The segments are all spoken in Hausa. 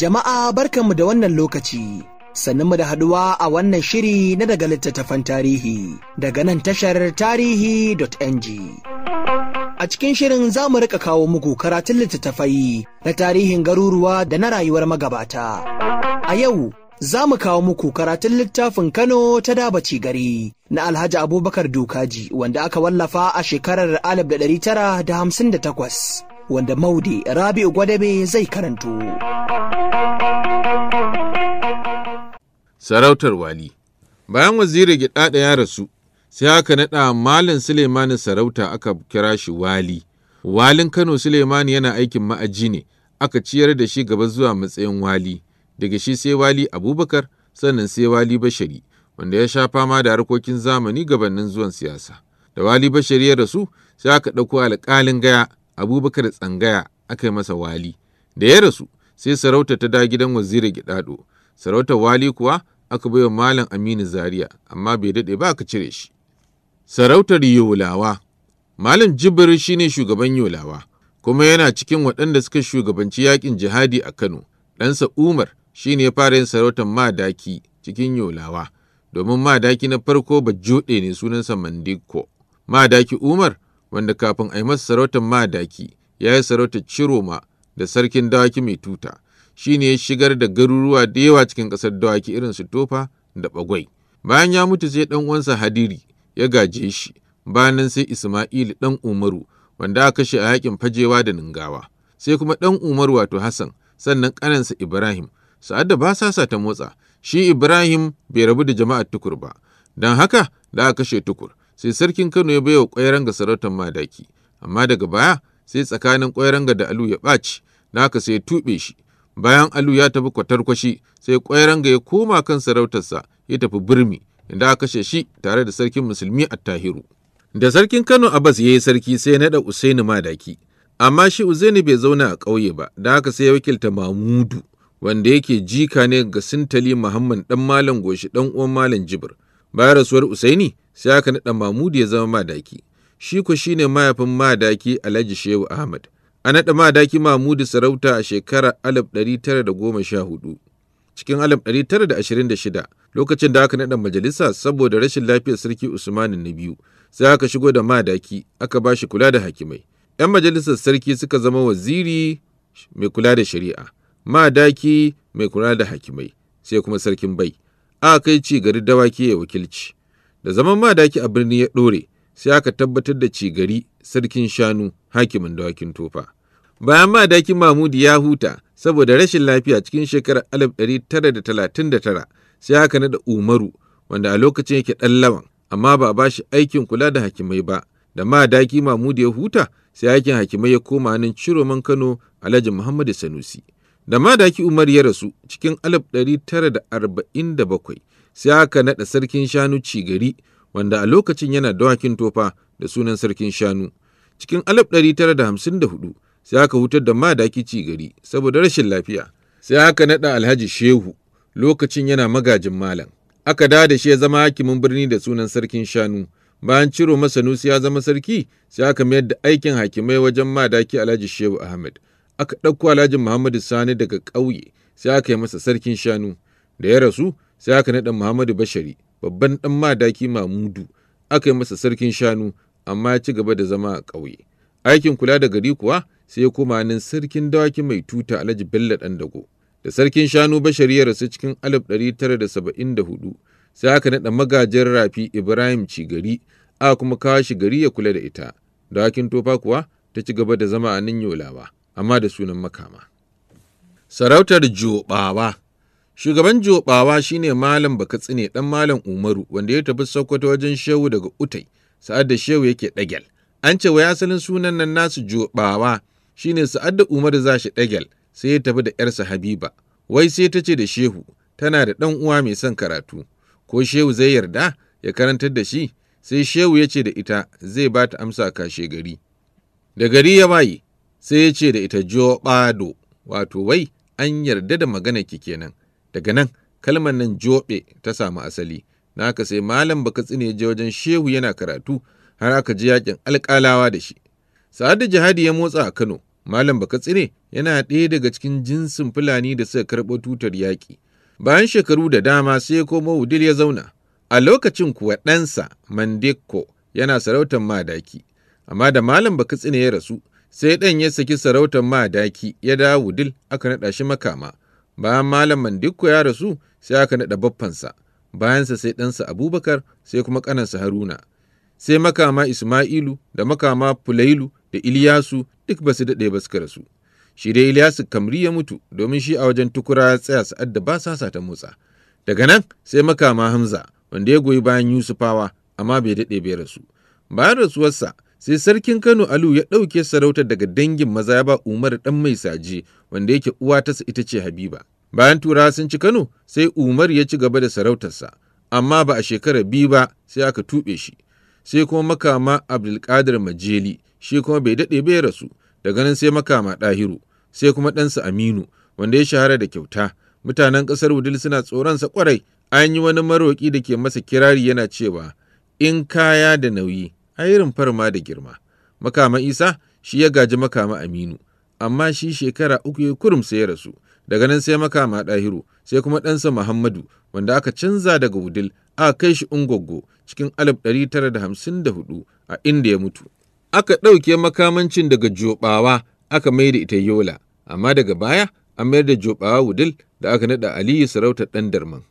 Jama'a barkanmu da wannan lokaci, mu da haduwa a wannan shiri na daga littattafan tarihi daga nan tashar tarihi.ng. A cikin shirin za mu rika kawo muku karatun littattafai na tarihin garuruwa da na rayuwar magabata. A yau, za mu kawo muku karatun littafin Kano ta dabaci gari na Alhaji Abubakar Dokaji wanda aka wallafa a shekarar 1958 wanda Maude Rabi'u Gwadabe zai karanto. Sarautar Wali Bayan waziri gida ya rasu, sai aka naɗa Malam Suleimani sarauta aka kira shi Wali. Walin Kano Suleimani yana aikin ma'aji ne, aka ciyar da shi gaba zuwa matsayin Wali. daga shi sai wali abubakar sannan sai wali bashari wanda ya sha fama da harkokin zamani gabanin zuwan siyasa da wali bashari ya rasu sai aka ɗauko alƙalin gaya abubakar tsangaya aka yi masa wali da ya rasu sai sarauta ta da gidan waziri gidaɗo sarautar wali kuwa aka baiwa malam aminu zaria amma bai daɗe ba aka cire shi sarautar yolawa malam jibir shine shugaban yolawa kuma yana cikin waɗanda suka shugabanci yakin jihadi a kano ɗansa umar shi ne fara yin sarautar madaki cikin yolawa domin madaki na farko ba juɗe ne sunansa mandiko madaki umar wanda kafin a yi masa sarautar madaki ya yi sarautar ciroma da sarkin dawaki mai tuta shi ne ya shigar da garuruwa da yawa cikin ƙasar dawaki irin su tofa da bagwai bayan ya mutu sai ɗan uwansa hadiri ya gaje shi bayan sai isma'il ɗan umaru wanda aka kashe a yakin fajewa da ningawa sai kuma ɗan umaru wato hassan sannan ƙanansa ibrahim sa'ad da ba sasa ta motsa shi ibrahim bai rabu da jama'ar tukur ba don haka da aka kashe tukur sai sarkin kano ya baiwa ga sarautar madaki amma daga baya sai tsakanin ga da alu ya ɓaci da aka sai tuɓe shi bayan alu ya tafi kwatarkwashi sai ga ya koma kan sarautarsa ya tafi birni inda aka kashe shi tare da sarkin musulmi a tahiru. da sarkin kano abbas ya yi sarki sai ya naɗa usaini madaki amma shi uzaini bai zauna a ƙauye ba da haka sai ya wakilta mamudu wanda yake jika ne ga sintali muhammad dan malam goshi dan uwan malam jibir bayan rasuwar usaini sai aka naɗa mahmud ya zama madaki shi ko shine mahaifin madaki alhaji shehu ahmad a naɗa madaki mahmudu sarauta a shekara 1914 cikin 1926 lokacin da aka naɗa majalisa saboda rashin lafiyar sarki usman na biyu sai aka shigo da madaki aka ba shi kula da hakimai 'yan majalisar sarki suka zama waziri mai kula da shari'a madaki mai kula da hakimai sai kuma sarkin bai a kai ci gari dawaki ya wakilci da zaman madaki a birni ya ɗore sai aka tabbatar da ci gari sarkin shanu hakimin dawakin tofa bayan madaki mahmudu ya huta saboda rashin lafiya cikin shekarar alif ɗari tara da da talatin tara, sai aka naɗa umaru wanda a lokacin yake ɗan lawan amma ba a ba shi aikin kula da hakimai ba da madaki mahmudu ya huta sai aikin hakimai ya koma nan ciroman kano alhaji muhammadu sanusi da madaki umar ya rasu cikin 1947 sai aka naɗa sarkin shanu cigari wanda a lokacin yana dawakin tofa da sunan sarkin shanu cikin 1954 sai aka hutar da madaki cigari saboda rashin lafiya sai aka naɗa alhaji shehu lokacin yana magajin malam aka da da shi ya zama hakimin birni da sunan sarkin shanu bayan ciro masa nusi ya zama sarki sai aka mayar da aikin hakimai wajen madaki alhaji shehu ahmed aka ɗauko alhaji muhammadu sani daga ƙauye sai aka yi masa sarkin shanu da ya rasu sai aka naɗa muhammadu bashari babban ɗan madaki mamudu aka yi masa sarkin shanu amma ya ci gaba da zama a ƙauye aikin kula da gari kuwa sai ya koma nan sarkin dawaki mai tuta alhaji bello ɗan dago da sarkin shanu bashari ya rasu cikin alif ɗari tara da da saba'in hudu, sai aka naɗa magajin rafi ibrahim cigari aka kuma kawo shi gari ya kula da ita dawakin tofa kuwa ta ci gaba da zama a nan yolawa amma da sunan makama sarautar jobawa shugaban jobawa shine malam bakatsine ɗan malam umaru wanda ya tafi sokoto wajen shehu daga utai sa'ad da shehu yake ɗagyal an ce wa asalin sunan nan nasu jobawa shine sa'ad da umaru za shi ɗagyal sai ya tafi da yarsa habiba wai sai ta ce da shehu tana da ɗan uwa mai son karatu ko shehu zai yarda ya karantar da shi sai shehu ya ce da ita zai ba ta amsa kashe gari da gari ya waye sai ya ce da ita jo ɓado wato wai an yarda da magana ki kenan daga nan kalmar nan joɓe ta samu asali na sai malam baka tsine je wajen shehu yana karatu har aka ji yakin alƙalawa da shi sa'ad jihadi ya motsa a kano malam baka tsine yana ɗaya daga cikin jinsin fulani da suka karɓo tutar yaƙi bayan shekaru da dama sai ya komo wudil ya zauna a lokacin kuwa ɗansa mandeko yana sarautar madaki amma da malam baka tsine ya rasu sai ɗan ya saki sarautar madaki ya dawo dil aka naɗa shi makama bayan malam dukku ya rasu sai aka naɗa baffansa bayansa sai ɗansa abubakar sai kuma ƙanansa haruna sai makama isma'ilu da makama fulailu da iliyasu duk ba su daɗe ba suka rasu shi dai iliyasu kamri ya mutu domin shi a wajen tukura ya tsaya sa'ad da ba sa ta motsa daga nan sai makama hamza wanda ya goyi bayan yusufawa amma bai daɗe bai rasu bayan rasuwarsa sai sarkin Kano Alu ya ɗauke sarautar daga dangin maza ya ba Umar ɗan mai saji wanda yake uwa tasa ita ce Habiba. Bayan tura sun ci Kano sai Umar ya ci gaba da sarautarsa amma ba a shekarar biyu ba sai aka tuɓe shi. Sai kuma makama Abdulkadir Majeli shi kuma bai daɗe bai rasu daga nan sai makama Ɗahiru sai kuma ɗansa Aminu wanda ya shahara da kyauta. Mutanen ƙasar Wudil suna tsoronsa kwarai an yi wani maroƙi da ke masa kirari yana cewa in kaya da nauyi A irin farma da girma makama isa shi ya gaji makama aminu amma shi shekara uku ya kurum sai ya rasu daga nan sai makama ɗahiru sai kuma ɗansa muhammadu wanda aka canza daga wudil a kai shi ungwoggo cikin ɗari tara da da hamsin 1954 a inda ya mutu aka ɗauke makamancin daga jobawa aka mai da ita yola amma daga baya an mayar da jobawa wudil da aka naɗa aliyu sarautar ɗan darman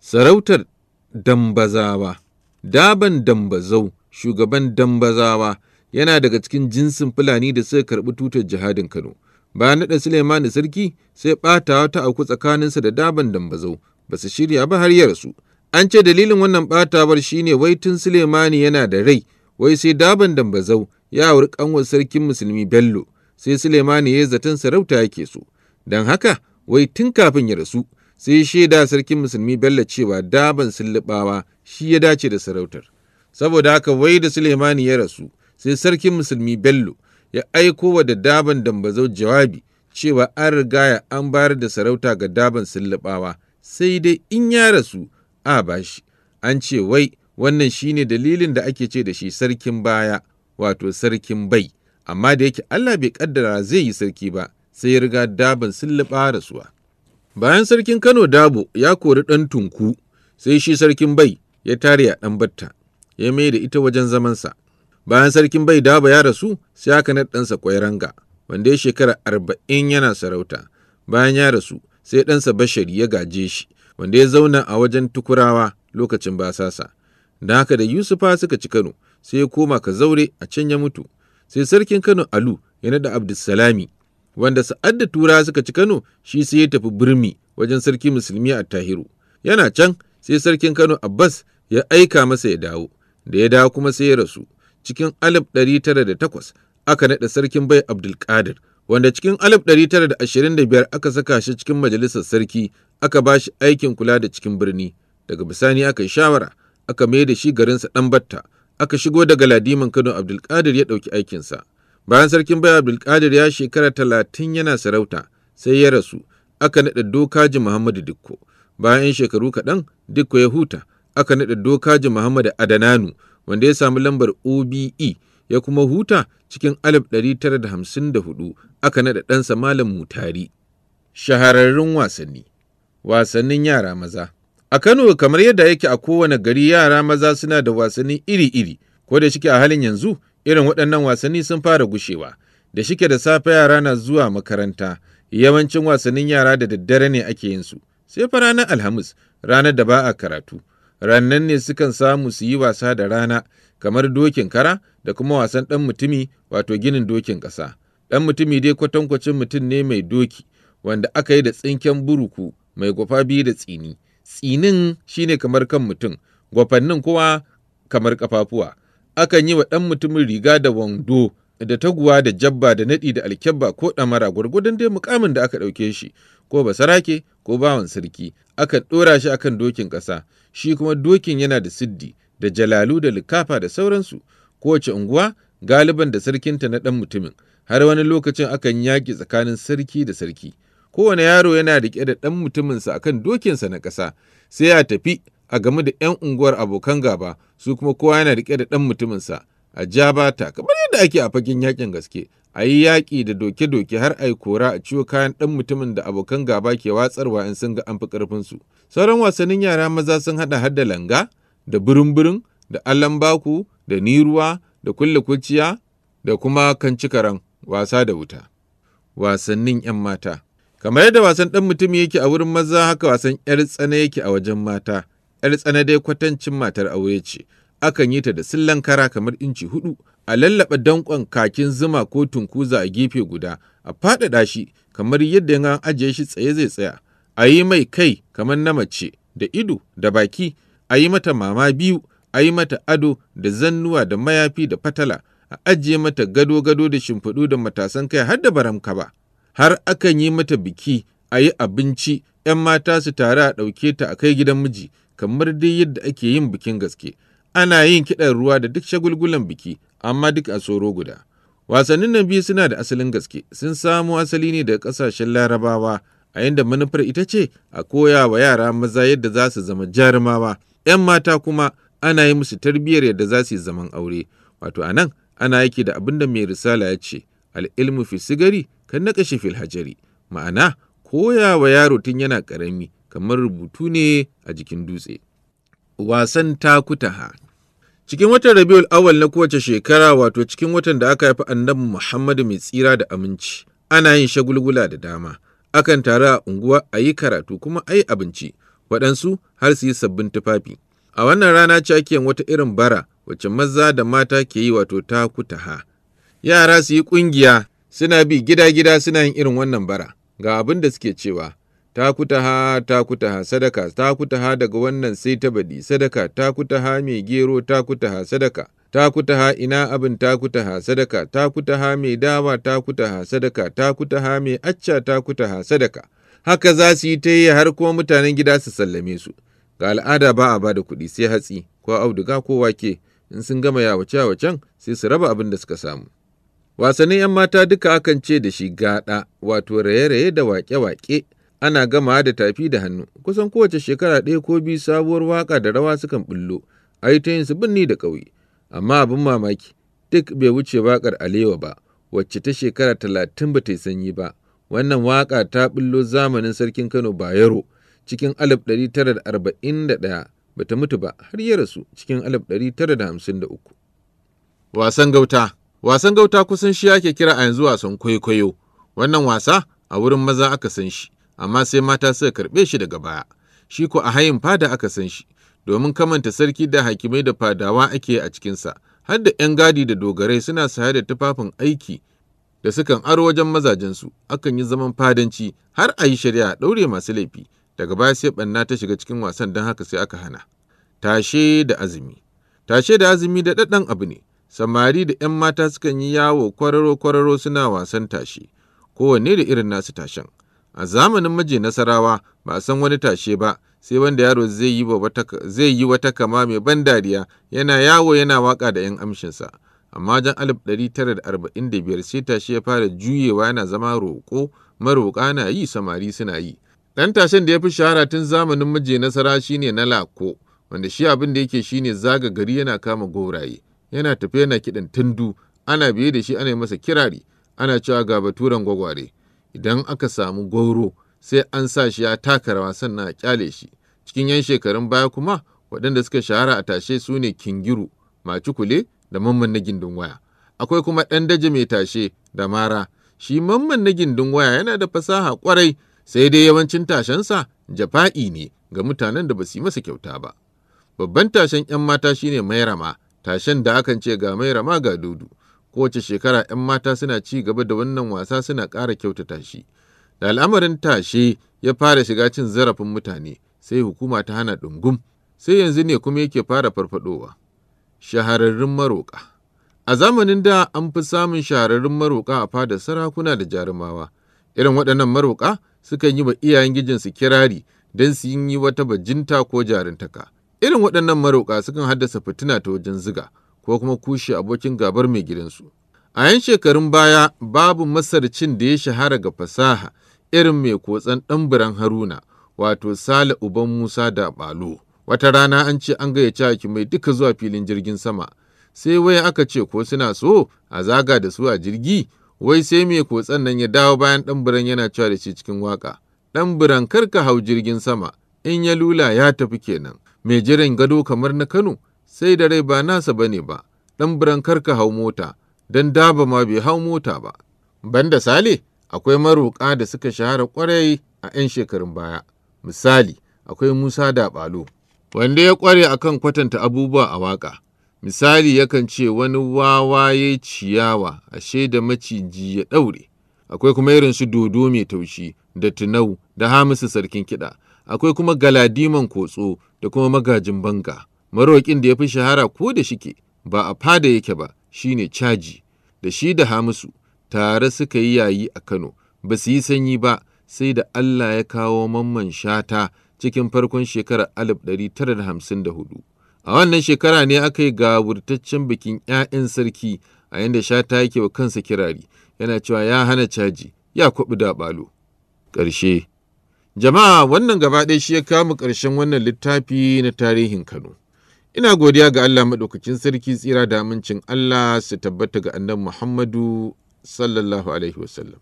sarautar dambazawa daban dambazau shugaban dambazawa yana daga cikin jinsin fulani da suka karɓi tutar jihadin kano bayan naɗa suleimani sarki sai ɓata wata auku tsakaninsa da daban dambazau ba su shirya ba har ya rasu an ce dalilin wannan ɓatawar shine wai tun suleimani yana da rai wai sai daban dambazau ya wuri kanwar sarkin musulmi bello sai suleimani ya zaton sarauta yake so don haka wai tun kafin ya rasu sai shaida sarkin musulmi bello cewa daban sullubawa shi ya dace da sarautar saboda haka wai da Suleimani ya rasu sai sarkin musulmi Bello ya aiko wa da daban dambazau jawabi cewa an rigaya an bayar da sarauta ga daban sullubawa sai dai in ya rasu a bashi an ce wai wannan shine dalilin da ake ce da shi sarkin baya wato sarkin bai amma da yake Allah bai kaddara zai yi sarki ba sai ya riga daban sulluba rasuwa bayan sarkin Kano Dabo ya kori ɗan tunku sai shi sarkin bai ya tare a ɗan batta ya mai da ita wajen zamansa bayan sarkin bai daba ya rasu sai aka naɗa ɗansa ƙwairanga wanda ya shekara arba'in yana sarauta bayan ya rasu sai ɗansa bashari ya gaje shi wanda ya zauna a wajen tukurawa lokacin basasa da haka da yusufa suka ci kano sai ya koma ka zaure a can ya mutu sai sarkin kano alu ya naɗa abdulsalami wanda sa'ad da tura suka ci kano shi sai ya tafi birni wajen sarki musulmi a tahiru yana can sai sarkin kano abbas ya aika masa ya dawo da ya dawo kuma sai ya rasu cikin 1908 aka naɗa sarkin bai abdulkadir wanda cikin 1925 aka saka shi cikin majalisar sarki aka ba shi aikin kula da cikin birni daga bisani aka yi shawara aka mai da shi garinsa ɗan batta aka shigo daga ladiman kano abdulkadir ya ɗauki aikinsa bayan sarkin bai abdulkadir ya shekara talatin yana sarauta sai ya rasu aka naɗa dokaji muhammadu dikko bayan shekaru kaɗan dikko ya huta aka doka dokaji Muhammad Adananu wanda ya samu lambar OBE ya kuma huta cikin 1954 aka naɗa ɗansa Malam Mutari. Shahararrun wasanni Wasannin yara maza A Kano kamar yadda yake a kowane gari yara maza suna da wasanni iri-iri, ko da shike a halin yanzu irin waɗannan wasanni sun fara gushewa, da shike da safe yara na zuwa makaranta, yawancin wasannin yara da daddare ne ake yin su, sai fa ranar Alhamis, ranar da ba a karatu. rannan ne sukan samu su yi wasa da rana kamar dokin kara da kuma wasan ɗan mutumi wato ginin dokin ƙasa. Ɗan mutumi dai kwatankwacin mutum ne mai doki wanda aka yi da tsinken buruku mai gwafa biyu da tsini. Tsinin shine kamar kan mutum, gwafannin kuwa kamar kafafuwa Akan yi wa ɗan mutumin riga da wando da taguwa da jabba da naɗi da alkyabba ko ɗamara gwargwadon dai mukamin da aka ɗauke shi ko ba basarake ko bawan sarki aka ɗora shi akan dokin ƙasa shi kuma dokin yana da siddi da jalalu da likafa da sauransu kowace unguwa galiban da sarkinta na ɗan mutumin har wani lokacin akan yaƙi tsakanin sarki da sarki kowane yaro yana riƙe da ɗan mutuminsa akan dokinsa na ƙasa sai ya tafi a game da 'yan unguwar abokan gaba su kuma kowa yana riƙe da ɗan mutuminsa a ja ta kamar yadda ake a fagen yaƙin gaske a yi yaƙi da doke-doke har a yi kora a ciwo kayan ɗan mutumin da abokan gaba ke watsarwa in sun ga an fi ƙarfinsu. Sauran wasannin yara maza sun haɗa har da langa, da burin burin da allan baku, da niruwa, da kulle kuciya, da kuma kancikaran wasa da wuta. Wasannin 'yan mata. Kamar yadda wasan ɗan mutum yake a wurin maza haka wasan 'yar tsana yake a wajen mata. 'Yar tsana dai kwatancin matar aure ce. Akan yi ta da sillan kara kamar inci hudu. a lallaɓa danƙon kakin zuma ko tunkuza a gefe guda, a faɗaɗa shi kamar yadda in an ajiye shi tsaye zai tsaya, a yi mai kai kamar na mace da ido da baki, a yi mata mama biyu, a yi mata ado da zannuwa da mayafi da fatala, a ajiye mata gado-gado da shimfiɗu da matasan kai har da baramka ba. Har akan yi mata biki, a yi abinci, ‘yan mata su tare a ɗauke ta a kai gidan miji, kamar dai yadda ake yin bikin gaske. Ana yin kiɗan ruwa da duk shagulgulan biki, amma duk a tsoro guda. Wasannin nan biyu suna da asalin gaske, sun samo asali ne daga ƙasashen larabawa, a yadda manufar ita ce a koya wa yara maza yadda za su zama jarumawa, 'yan mata kuma ana yi musu tarbiyyar yadda za su yi zaman aure. Wato a nan ana yake da abin da mai risala ya ce, al'ilmu fi sigari kan na kashe filhajari, ma'ana koya wa yaro tun yana ƙarami kamar rubutu ne a jikin dutse. Wasan takutaha Cikin watan Rabiul Awal na kowace shekara wato cikin watan da aka haifi annabi Muhammadu mai tsira da aminci, ana yin shagulgula da dama. Akan taru a unguwa a yi karatu kuma a yi abinci, waɗansu har su yi sabbin tufafi. A wannan rana ce ake yin wata irin bara wacce maza da mata ke yi wato ta kutaha? Yara su yi ƙungiya suna bi gida-gida suna yin irin wannan bara. Ga abin da suke cewa, takutaha takutaha sadaka takutaha daga wannan sai ta baɗi sadaka takutaha mai gero takutaha sadaka takutaha ina abin takutaha sadaka takutaha mai dawa takutaha sadaka takutaha mai acca takutaha sadaka haka za su yi ta yi har kuma mutanen gida su sallame su ga al'ada ba a ba da kuɗi sai hatsi ko auduga ko wake in sun gama yawace yawacen sai su raba abin da suka samu wasannin 'yan mata duka akan ce da shi gaɗa wato raye-raye da waƙe-waƙe ana gamawa da tafi da hannu kusan kowace shekara ɗaya ko biyu sabuwar waƙa da rawa sukan bullo a yi ta yin su birni da ƙauye amma abin mamaki duk bai wuce waƙar alewa ba wacce ta shekara talatin ba ta yi sanyi ba wannan waƙa ta bullo zamanin sarkin kano bayero cikin ɗaya ba ta mutu ba har ya rasu cikin uku. wasan gauta wasan gauta kusan shi ake kira a yanzu wasan kwaikwayo wannan wasa a wurin maza aka san shi amma sai mata suka karɓe shi daga baya shi ko a hayin fada aka san shi domin kamanta sarki da hakimai da fadawa ake a cikinsa har da 'yan gadi da dogarai suna saye da tufafin aiki da sukan aro wajen mazajensu akan yi zaman fadanci har a yi shari'a ɗaure masu laifi daga baya sai ɓanna ta shiga cikin wasan don haka sai aka hana tashe da azumi tashe da azumi da ɗaɗɗan abu ne samari da 'yan mata sukan yi yawo kwararo kwararo suna wasan tashe kowanne da irin nasu tashen A zamanin maji Nasarawa ba a san wani tashe ba, sai wanda yaro zai yi wata kama mai ban dariya yana yawo yana waka da 'yan amshinsa. Amma jan 1945 sai tashe ya fara juyewa yana zama roƙo, maroƙa na yi, samari suna yi. Ɗan tashen da ya fi shahara tun zamanin maji Nasara shine na Lako, wanda shi abin da yake shine zaga gari yana kama goraye, yana tafiya yana kiɗan tundu, ana biye da shi ana yi masa kirari, ana cewa ga baturen gwagware. idan aka samu goro, sai an sa shi ya taka rawa sannan a kyale shi cikin 'yan shekarun baya kuma waɗanda suka shahara a tashe su ne kingiru macukule, da mamman na gindin waya akwai kuma ɗan daji mai tashe da mara shi mamman na gindin waya yana da fasaha kwarai sai dai yawancin tashensa jafa'i ne ga mutanen da ba su yi masa kyauta ba babban tashen 'yan mata shine mairama tashen da akan ce ga mairama ga dudu kowace shekara 'yan mata suna ci gaba da wannan wasa suna ƙara kyautata shi da al'amarin tashe ya fara shiga cin zarafin mutane sai hukuma ta hana ɗungum sai yanzu ne kuma yake fara farfadowa shahararrun maroƙa a zamanin da an fi samun shahararrun maroƙa a fada sarakuna da jarumawa irin waɗannan maroƙa sukan yi wa iyayen gijinsu kirari don su yi wata bajinta ko jarintaka irin waɗannan maroƙa sukan haddasa fitina ta wajen ziga ko kuma kushe abokin gabar mai gidansu. A yan shekarun baya babu masarcin da ya shahara ga fasaha irin mai kotsan ɗanburan Haruna wato Sale Uban Musa da Balo. Wata rana an ce an gayyaci mai duka zuwa filin jirgin sama. Sai wai aka ce ko suna so a zaga da su a jirgi wai sai mai kotsan nan ya dawo bayan ɗanburan yana cewa da shi cikin waka. Ɗanburan kar ka hau jirgin sama in ya lula ya tafi kenan. Mai jiran gado kamar na Kano sai da rai ba nasa ba ne ba ɗan biran ka hau mota don daba ma bai hau mota ba banda sale akwai maroƙa da suka shahara ƙwarai a 'yan shekarun baya misali akwai musa da ɓalo wanda ya ƙware a kan kwatanta abubuwa a waƙa misali yakan ce wani wawa ya ciyawa ashe da maciji ya ɗaure akwai kuma irin su dodo mai taushi da tunau da hamisu sarkin kiɗa akwai kuma galadiman kotso da kuma magajin banga maroƙin da ya fi shahara ko da shike ba a fada yake ba shine caji da shi da hamisu tare suka yi yayi a kano ba su yi sanyi ba sai da allah ya kawo mamman shata cikin farkon shekarar hudu a wannan shekara ne aka yi gawurtaccen bikin 'ya'yan sarki a yadda shata yake wa kansa kirari yana cewa ya hana caji ya kwaɓi da balo ƙarshe jama'a wannan gaba ɗaya shi ya kama ƙarshen wannan littafi na tarihin kano Ina godiya ga Allah maɗaukakin sarki tsira da amincin Allah su tabbata ga annan Muhammadu sallallahu Alaihi wasallam.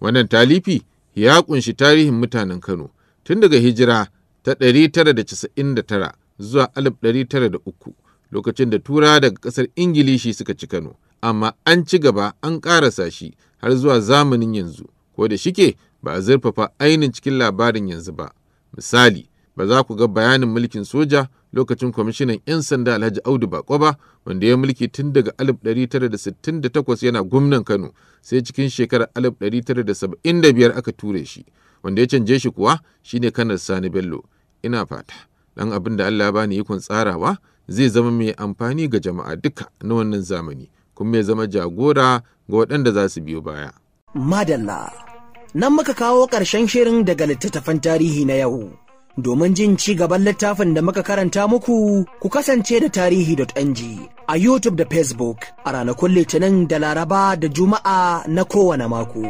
Wannan talifi ya ƙunshi tarihin mutanen Kano tun daga hijira ta 999 zuwa 1903 lokacin da tura daga ƙasar Ingilishi suka ci Kano, amma an ci gaba an ƙarasa shi har zuwa zamanin yanzu, ko da shike ba a zurfafa ainihin cikin labarin yanzu ba. Misali, ba za ku ga bayanin mulkin soja lokacin kwamishinan 'yan sanda alhaji audu ba wanda ya mulki tun daga 1968 yana gwamnan kano sai cikin shekarar 1975 aka ture shi wanda ya canje shi kuwa shine kanar sani bello ina fata dan abin da allah bani ikon tsarawa zai zama mai amfani ga jama'a duka na wannan zamani kuma ya zama jagora ga waɗanda za su biyo baya madalla nan muka kawo ƙarshen shirin daga littattafan tarihi na yau Domin jin ci gaban littafin da muka karanta muku, ku kasance da tarihi.ng a YouTube da Facebook a ranakun Litinin da Laraba da Juma'a na kowane mako.